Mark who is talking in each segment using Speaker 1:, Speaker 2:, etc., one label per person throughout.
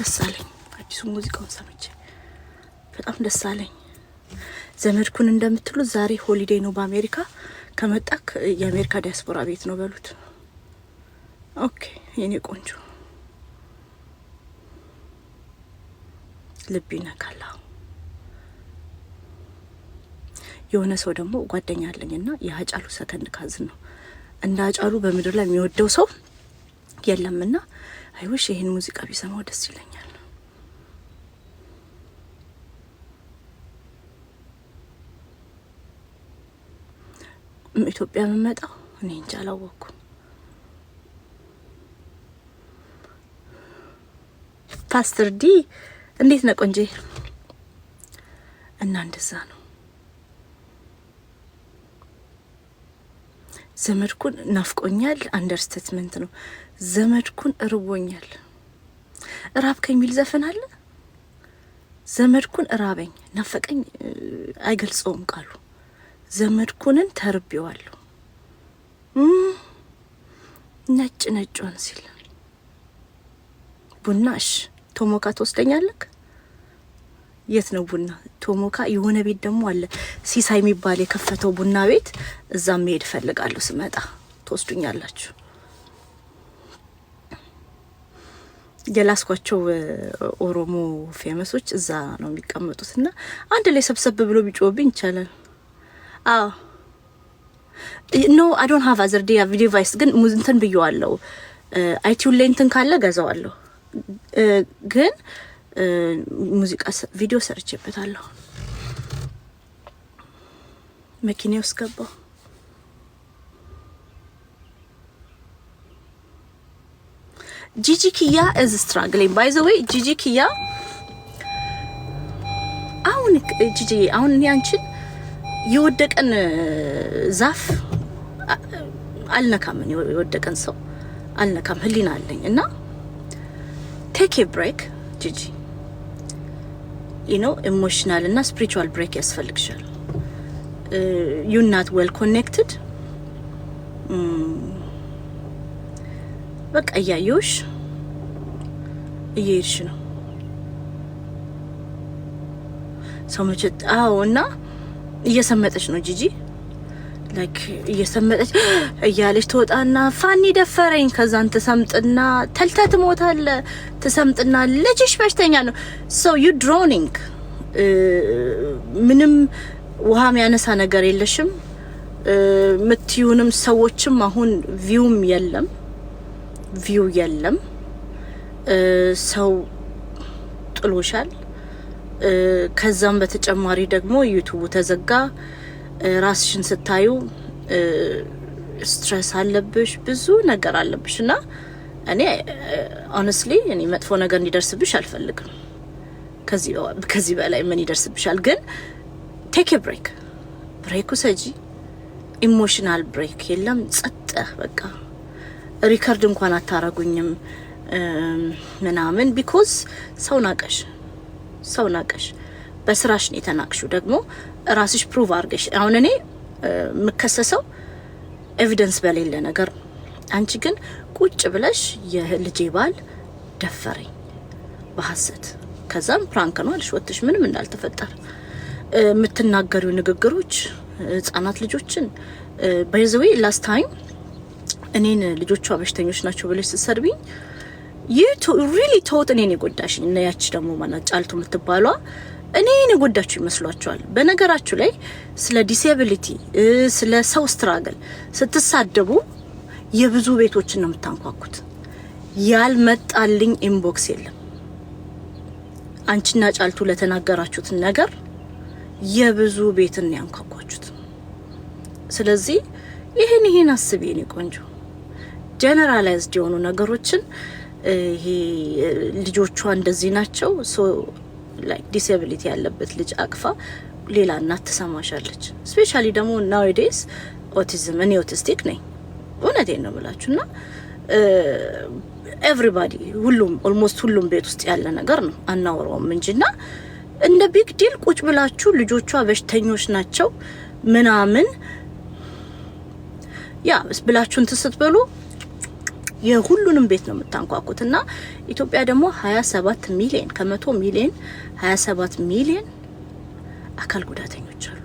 Speaker 1: ደስ አለኝ። አዲሱ ሙዚቃውን ሰምቼ በጣም ደስ አለኝ። ዘመድኩን እንደምትሉት ዛሬ ሆሊዴ ነው በአሜሪካ። ከመጣክ የአሜሪካ ዲያስፖራ ቤት ነው በሉት። ኦኬ የኔ ቆንጆ ልብ ይነካላ። የሆነ ሰው ደግሞ ጓደኛ አለኝና የሀጫሉ ሰከንድ ካዝን ነው። እንደ በምድር ላይ የሚወደው ሰው የለምና አይውሽ ይህን ሙዚቃ ቢሰማው ደስ ይለኛል። ኢትዮጵያ የምመጣው እኔ እንጃ አላወቅኩም። ፓስተር ዲ እንዴት ነው ቆንጆ እና እንደዛ ነው። ዘመድኩን ናፍቆኛል። አንደርስቴትመንት ነው። ዘመድኩን እርቦኛል። እራብከኝ የሚል ዘፈን አለ። ዘመድኩን እራበኝ፣ ናፈቀኝ አይገልጸውም ቃሉ። ዘመድኩንን ተርቤዋለሁ ነጭ ነጭን ሲል ቡናሽ ቶሞካ ትወስደኛለክ የት ነው ቡና ቶሞካ የሆነ ቤት ደግሞ አለ ሲሳይ የሚባል የከፈተው ቡና ቤት እዛም መሄድ እፈልጋለሁ ስመጣ ትወስዱኛላችሁ የላስኳቸው ኦሮሞ ፌመሶች እዛ ነው የሚቀመጡት እና አንድ ላይ ሰብሰብ ብሎ ቢጮብኝ ይቻላል ኖ አይ ዶንት ሃቭ አዘር ዲቫይስ ግን እንትን ብየዋለሁ አይቲዩን ላይ እንትን ካለ ገዛዋለሁ ግን ሙዚቃ ቪዲዮ ሰርቼበታለሁ። መኪና ውስጥ ገባው። ጂጂ ኪያ እዝ ስትራግሊንግ ባይ ዘ ዌይ ጂጂ ኪያ አሁን ጂጂ አሁን ያንቺን የወደቀን ዛፍ አልነካም። የወደቀን ሰው አልነካም። ህሊና አለኝ እና ቴክ ኤ ብሬክ ጂጂ ነው ኢሞሽናል እና ስፒሪቹዋል ብሬክ ያስፈልግሻል። ዩናት ዌል ኮኔክትድ በቃ እያየውሽ እየሄድሽ ነው ሰው መቼ አዎ እና እየሰመጠች ነው ጂጂ ላይክ እየሰመጠች እያለች ትወጣና ፋኒ ደፈረኝ። ከዛን ትሰምጥና ተልተ ትሞታለ። ትሰምጥና ልጅሽ በሽተኛ ነው። ሶ ዩ ድሮኒንግ ምንም ውሃ የሚያነሳ ነገር የለሽም። ምትዩንም ሰዎችም አሁን ቪውም የለም ቪው የለም። ሰው ጥሎሻል። ከዛም በተጨማሪ ደግሞ ዩቱቡ ተዘጋ። ራስሽን ስታዩ ስትረስ አለብሽ፣ ብዙ ነገር አለብሽ እና እኔ ኦነስትሊ እኔ መጥፎ ነገር እንዲደርስብሽ አልፈልግም። ከዚህ በላይ ምን ይደርስብሻል? ግን ቴክ ብሬክ ብሬክ ውሰጂ። ኢሞሽናል ብሬክ የለም። ጸጥ በቃ ሪከርድ እንኳን አታረጉኝም ምናምን ቢኮዝ ሰው ናቀሽ፣ ሰው ናቀሽ። በስራሽ ነው የተናቅሹ ደግሞ ራስሽ ፕሩቭ አድርገሽ። አሁን እኔ የምከሰሰው ኤቪደንስ በሌለ ነገር ነው። አንቺ ግን ቁጭ ብለሽ የልጄ ባል ደፈረኝ በሀሰት ከዛም ፕራንክ ነው አልሽ ወጥሽ ምንም እንዳልተፈጠረ የምትናገሪው ንግግሮች ህጻናት ልጆችን በይዘዌ ላስት ታይም እኔን ልጆቿ በሽተኞች ናቸው ብለሽ ስትሰርቢኝ ይህ ሪሊ ተውት እኔን የጎዳሽኝ እና ያቺ ደግሞ ማናት ጫልቱ የምትባሏ እኔን የጎዳችሁ ይመስሏችኋል። በነገራችሁ ላይ ስለ ዲሴቢሊቲ ስለ ሰው ስትራግል ስትሳደቡ የብዙ ቤቶችን ነው የምታንኳኩት። ያልመጣልኝ ኢንቦክስ የለም። አንቺና ጫልቱ ለተናገራችሁት ነገር የብዙ ቤትን ያንኳኳችሁት። ስለዚህ ይህን ይህን አስቢ የኔ ቆንጆ። ጀነራላይዝድ የሆኑ ነገሮችን ይሄ ልጆቿ እንደዚህ ናቸው ላይ ዲስብሊቲ ያለበት ልጅ አቅፋ ሌላ እናት ትሰማሻለች። ስፔሻሊ ደግሞ ናውዴስ ኦቲዝም እኔ ኦቲስቲክ ነኝ እውነቴን ነው የምላችሁ እና ኤቭሪባዲ ሁሉም ኦልሞስት ሁሉም ቤት ውስጥ ያለ ነገር ነው አናወራውም እንጂ ና እንደ ቢግ ዲል ቁጭ ብላችሁ ልጆቿ በሽተኞች ናቸው ምናምን ያ ብላችሁን ትስትበሉ የሁሉንም ቤት ነው የምታንኳኩት። እና ኢትዮጵያ ደግሞ 27 ሚሊዮን ከመቶ ሚሊዮን 27 ሚሊዮን አካል ጉዳተኞች አሉ።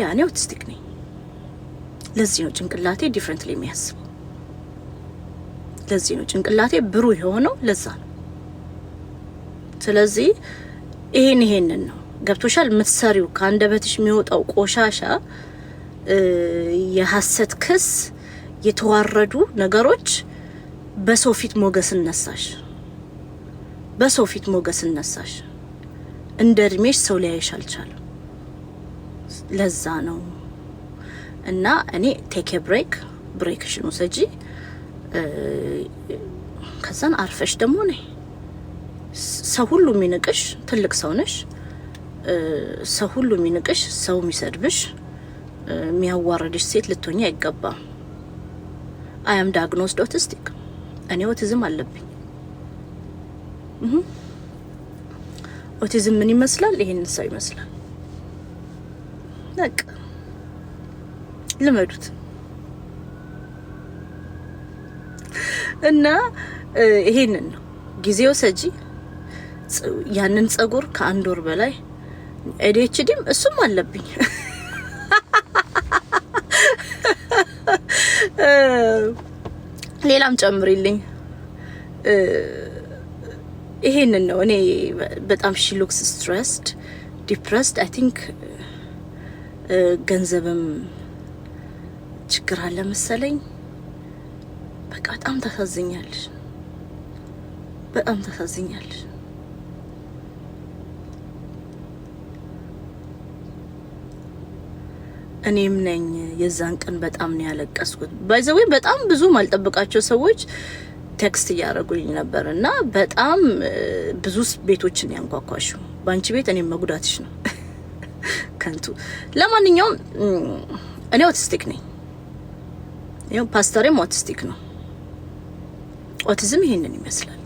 Speaker 1: ያ እኔ ኦቲስቲክ ነኝ። ለዚህ ነው ጭንቅላቴ ዲፍረንትሊ የሚያስበው። ለዚህ ነው ጭንቅላቴ ብሩህ የሆነው። ለዛ ነው። ስለዚህ ይሄን ይሄንን ነው ገብቶሻል። ምትሰሪው ከአንደበትሽ የሚወጣው ቆሻሻ የሀሰት ክስ የተዋረዱ ነገሮች በሰው ፊት ሞገስ እነሳሽ በሰው ፊት ሞገስ እነሳሽ እንደ እድሜሽ ሰው ሊያይሽ አልቻለም። ለዛ ነው እና እኔ ቴክ ብሬክ ብሬክሽን ውሰጂ፣ ከዛን አርፈሽ ደግሞ ነይ። ሰው ሁሉ የሚንቅሽ ትልቅ ሰው ነሽ። ሰው ሁሉ የሚንቅሽ፣ ሰው የሚሰድብሽ፣ የሚያዋረድሽ ሴት ልትሆኚ አይገባም። አያም ዳግኖስድ ኦቲስቲክ እኔ ኦቲዝም አለብኝ። ኦቲዝም ምን ይመስላል? ይሄን ሰው ይመስላል። በቃ ልመዱት እና ይሄንን ነው ጊዜው ሰጂ ያንን ጸጉር ከአንድ ወር በላይ ኤዲኤችዲም እሱም አለብኝ ሌላም ጨምሪልኝ። ይሄንን ነው እኔ በጣም ሺ ሉክስ ስትረስድ ዲፕረስድ አይ ቲንክ ገንዘብም ችግር አለ መሰለኝ። በቃ በጣም ታሳዝኛለሽ፣ በጣም ታሳዝኛለሽ። እኔም ነኝ የዛን ቀን በጣም ነው ያለቀስኩት። ባይዘዌ በጣም ብዙ ማልጠብቃቸው ሰዎች ቴክስት እያደረጉልኝ ነበር እና በጣም ብዙ ቤቶችን ያንኳኳሹ በአንቺ ቤት እኔም መጉዳትሽ ነው ከንቱ። ለማንኛውም እኔ ኦቲስቲክ ነኝ፣ ይኸው ፓስተሬም ኦቲስቲክ ነው። ኦቲዝም ይሄንን ይመስላል።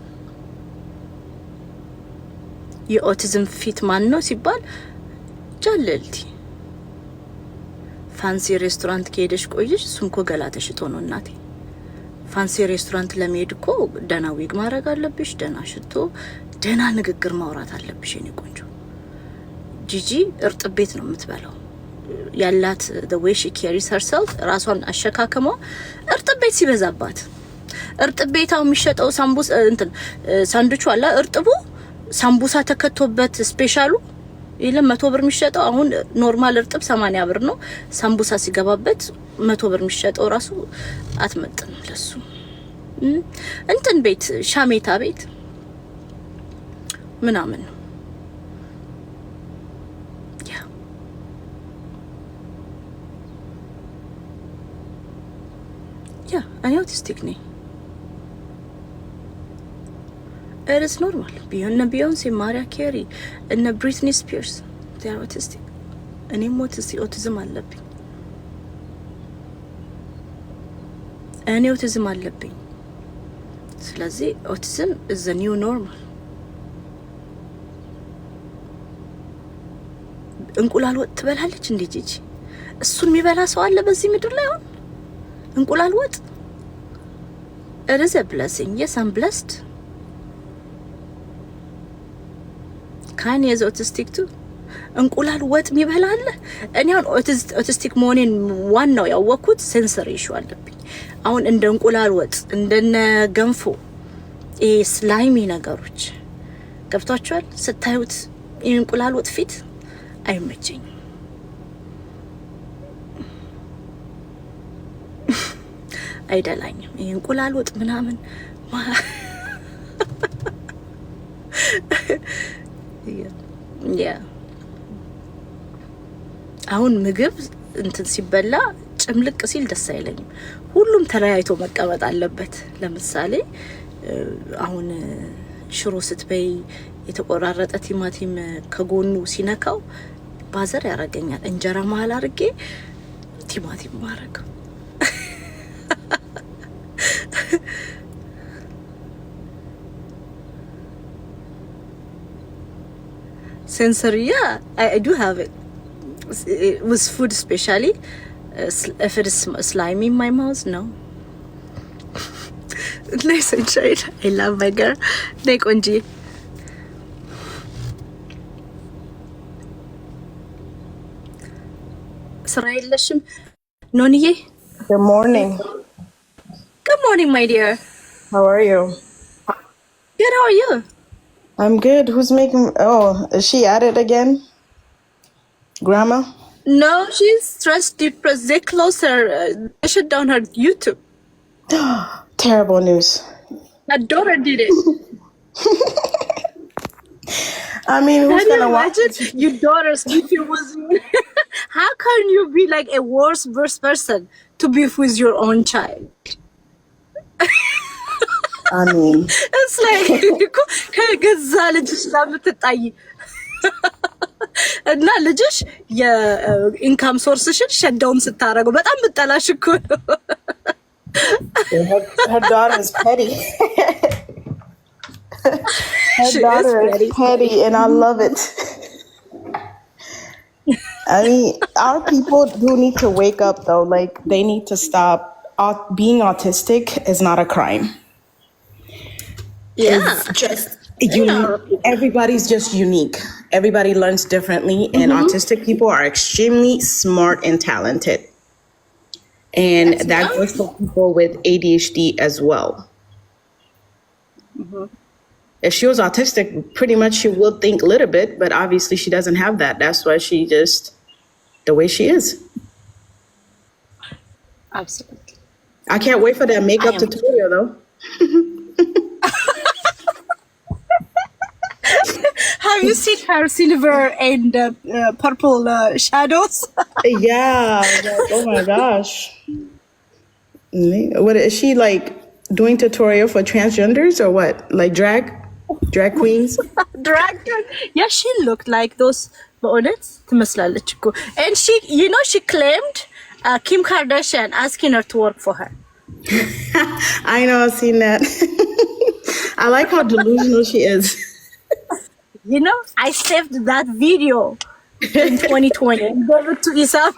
Speaker 1: የኦቲዝም ፊት ማን ነው ሲባል ጃለልቲ ፋንሲ ሬስቶራንት ከሄደሽ ቆየሽ። እሱን እኮ ገላ ተሽቶ ነው እናቴ። ፋንሲ ሬስቶራንት ለመሄድ እኮ ደህና ዊግ ማድረግ አለብሽ፣ ደህና ሽቶ፣ ደህና ንግግር ማውራት አለብሽ የኔ ቆንጆ። ጂጂ እርጥብ ቤት ነው የምትበላው ያላት ወይ ሺ ኬሪስ ሄርሰልፍ ራሷን አሸካክሟ እርጥብ ቤት ሲበዛባት እርጥብ ቤታው የሚሸጠው ሳምቡስ እንትን ሳንዱቹ አላ እርጥቡ ሳምቡሳ ተከቶበት ስፔሻሉ የለም መቶ ብር የሚሸጠው አሁን ኖርማል እርጥብ ሰማንያ ብር ነው። ሳምቡሳ ሲገባበት መቶ ብር የሚሸጠው ራሱ አትመጥንም ለሱ። እንትን ቤት ሻሜታ ቤት ምናምን ነው ያ እኔ ኦቲስቲክ ነኝ። ኢትስ ኖርማል። እነ ቢዮንሴ፣ ማሪያ ኬሪ፣ እነ ብሪትኒ ስፒርስ ኦቲስቲክ። እኔም ኦቲዝም አለብኝ። እኔ ኦቲዝም አለብኝ። ስለዚህ ኦቲዝም ዘ ኒው ኖርማል። እንቁላል ወጥ ትበላለች እንዴ ጂጂ? እሱን የሚበላ ሰው አለ በዚህ ምድር ላይ አሁን? እንቁላል ወጥ ኢት ብለሲንግ የስ ብለስድ ካን የዘ ኦቲስቲክ ቱ እንቁላል ወጥ የሚበላ አለ። እኔ አሁን ኦቲስቲክ መሆኔን ዋናው ያወቅኩት ሴንሰር ኢሹ አለብኝ። አሁን እንደ እንቁላል ወጥ እንደነ ገንፎ ይሄ ስላይሚ ነገሮች ገብቷቸዋል። ስታዩት እንቁላል ወጥ ፊት አይመቸኝም። አይደላኝም። ይህ እንቁላል ወጥ ምናምን አሁን ምግብ እንትን ሲበላ ጭምልቅ ሲል ደስ አይለኝም። ሁሉም ተለያይቶ መቀመጥ አለበት። ለምሳሌ አሁን ሽሮ ስትበይ የተቆራረጠ ቲማቲም ከጎኑ ሲነካው ባዘር ያደርገኛል። እንጀራ መሀል አድርጌ ቲማቲም ማድረግ sensory yeah I, I do have it it was food especially uh, if it is slimy in my mouth no nice and tried I love my girl like onji ስራ
Speaker 2: Good morning.
Speaker 1: Good morning, my dear. How are you? Good, how are you?
Speaker 2: I'm good. Who's making? Oh, is she at it again? Grandma?
Speaker 1: No, she's stressed depressed. They closed her. Uh, they shut down her YouTube.
Speaker 2: Terrible news.
Speaker 1: My daughter did it.
Speaker 2: I mean, who's Can gonna you watch it?
Speaker 1: your daughter's YouTube was? How can you be like a worse, worse person to be with your own child?
Speaker 2: አሜን።
Speaker 1: እስራኤል እኮ ከገዛ ልጅሽ ጋር የምትጣይ እና ልጅሽ የኢንካም ሶርስሽን ሸዳውን ስታደርገው በጣም ብጠላሽ እኮ ነው።
Speaker 2: I mean, our people do need to wake up though. Like, they need to stop. being autistic is not a crime. Yeah. just you everybody's just unique. Everybody learns differently and mm-hmm. autistic people are extremely smart and talented. And That's that goes for people with ADHD as well. Mm-hmm. If she was autistic, pretty much she would think a little bit, but obviously she doesn't have that. That's why she just the way she is.
Speaker 1: Absolutely.
Speaker 2: I can't wait for that makeup tutorial though.
Speaker 1: have you seen her silver and uh, uh, purple uh, shadows?
Speaker 2: yeah. oh my gosh. What is she like doing tutorial for transgenders or what? Like drag, drag queens?
Speaker 1: drag. Yeah, she looked like those. በእውነት and she you know she claimed uh, Kim Kardashian asking her to work for her
Speaker 2: I know I've seen that I like how delusional she is
Speaker 1: you know, I saved that video in 2020 and gave it to yourself.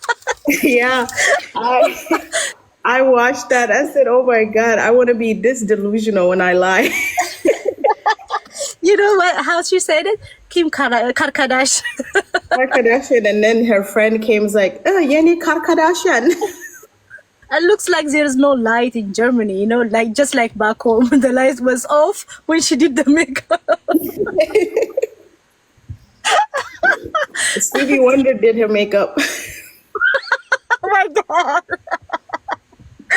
Speaker 2: yeah. I, I watched that. I said, oh my God, I want to be this delusional when I lie.
Speaker 1: you know what? How she said it? Kim Kar- uh, Kardashian.
Speaker 2: Kardashian. And then her friend came like, oh, Yenny Kardashian
Speaker 1: it looks like there is no light in Germany, you know, like just like back home, the light was off when she did the makeup.
Speaker 2: Stevie Wonder did her makeup.
Speaker 1: oh my god.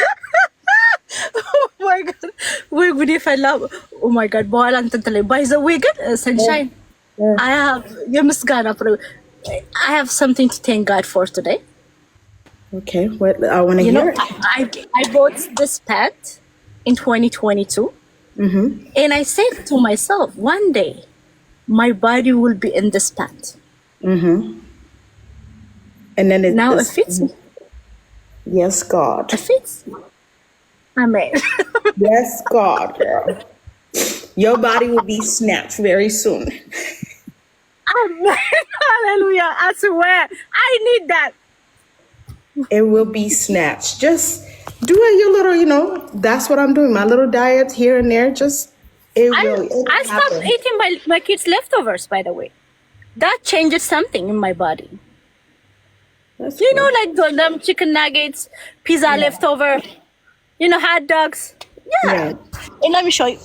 Speaker 1: oh my god. We would if I love oh my god, i እንትን ትለኝ by the boy, ግን uh, sunshine yeah. Yeah. I have የምስጋና I have something to thank God for today.
Speaker 2: Okay, What uh, I want to You hear know,
Speaker 1: I, I, I bought this pet in 2022, Mm-hmm. and I said to myself, one day my body will be in this pet. Mm-hmm. And then it Now it fits me.
Speaker 2: yes, God.
Speaker 1: It fits me. Amen.
Speaker 2: Yes, God, girl. Your body will be snapped very soon.
Speaker 1: Amen. Hallelujah. I swear, I need that
Speaker 2: it will be snatched. Just do it your little, you know, that's what I'm doing. My little diet here and there, just
Speaker 1: it I, will. I stopped eating my, my kids' leftovers, by the way. That changes something in my body. That's you cool. know, like the them chicken nuggets, pizza yeah. leftover, you know, hot dogs. Yeah. yeah. And let me show you.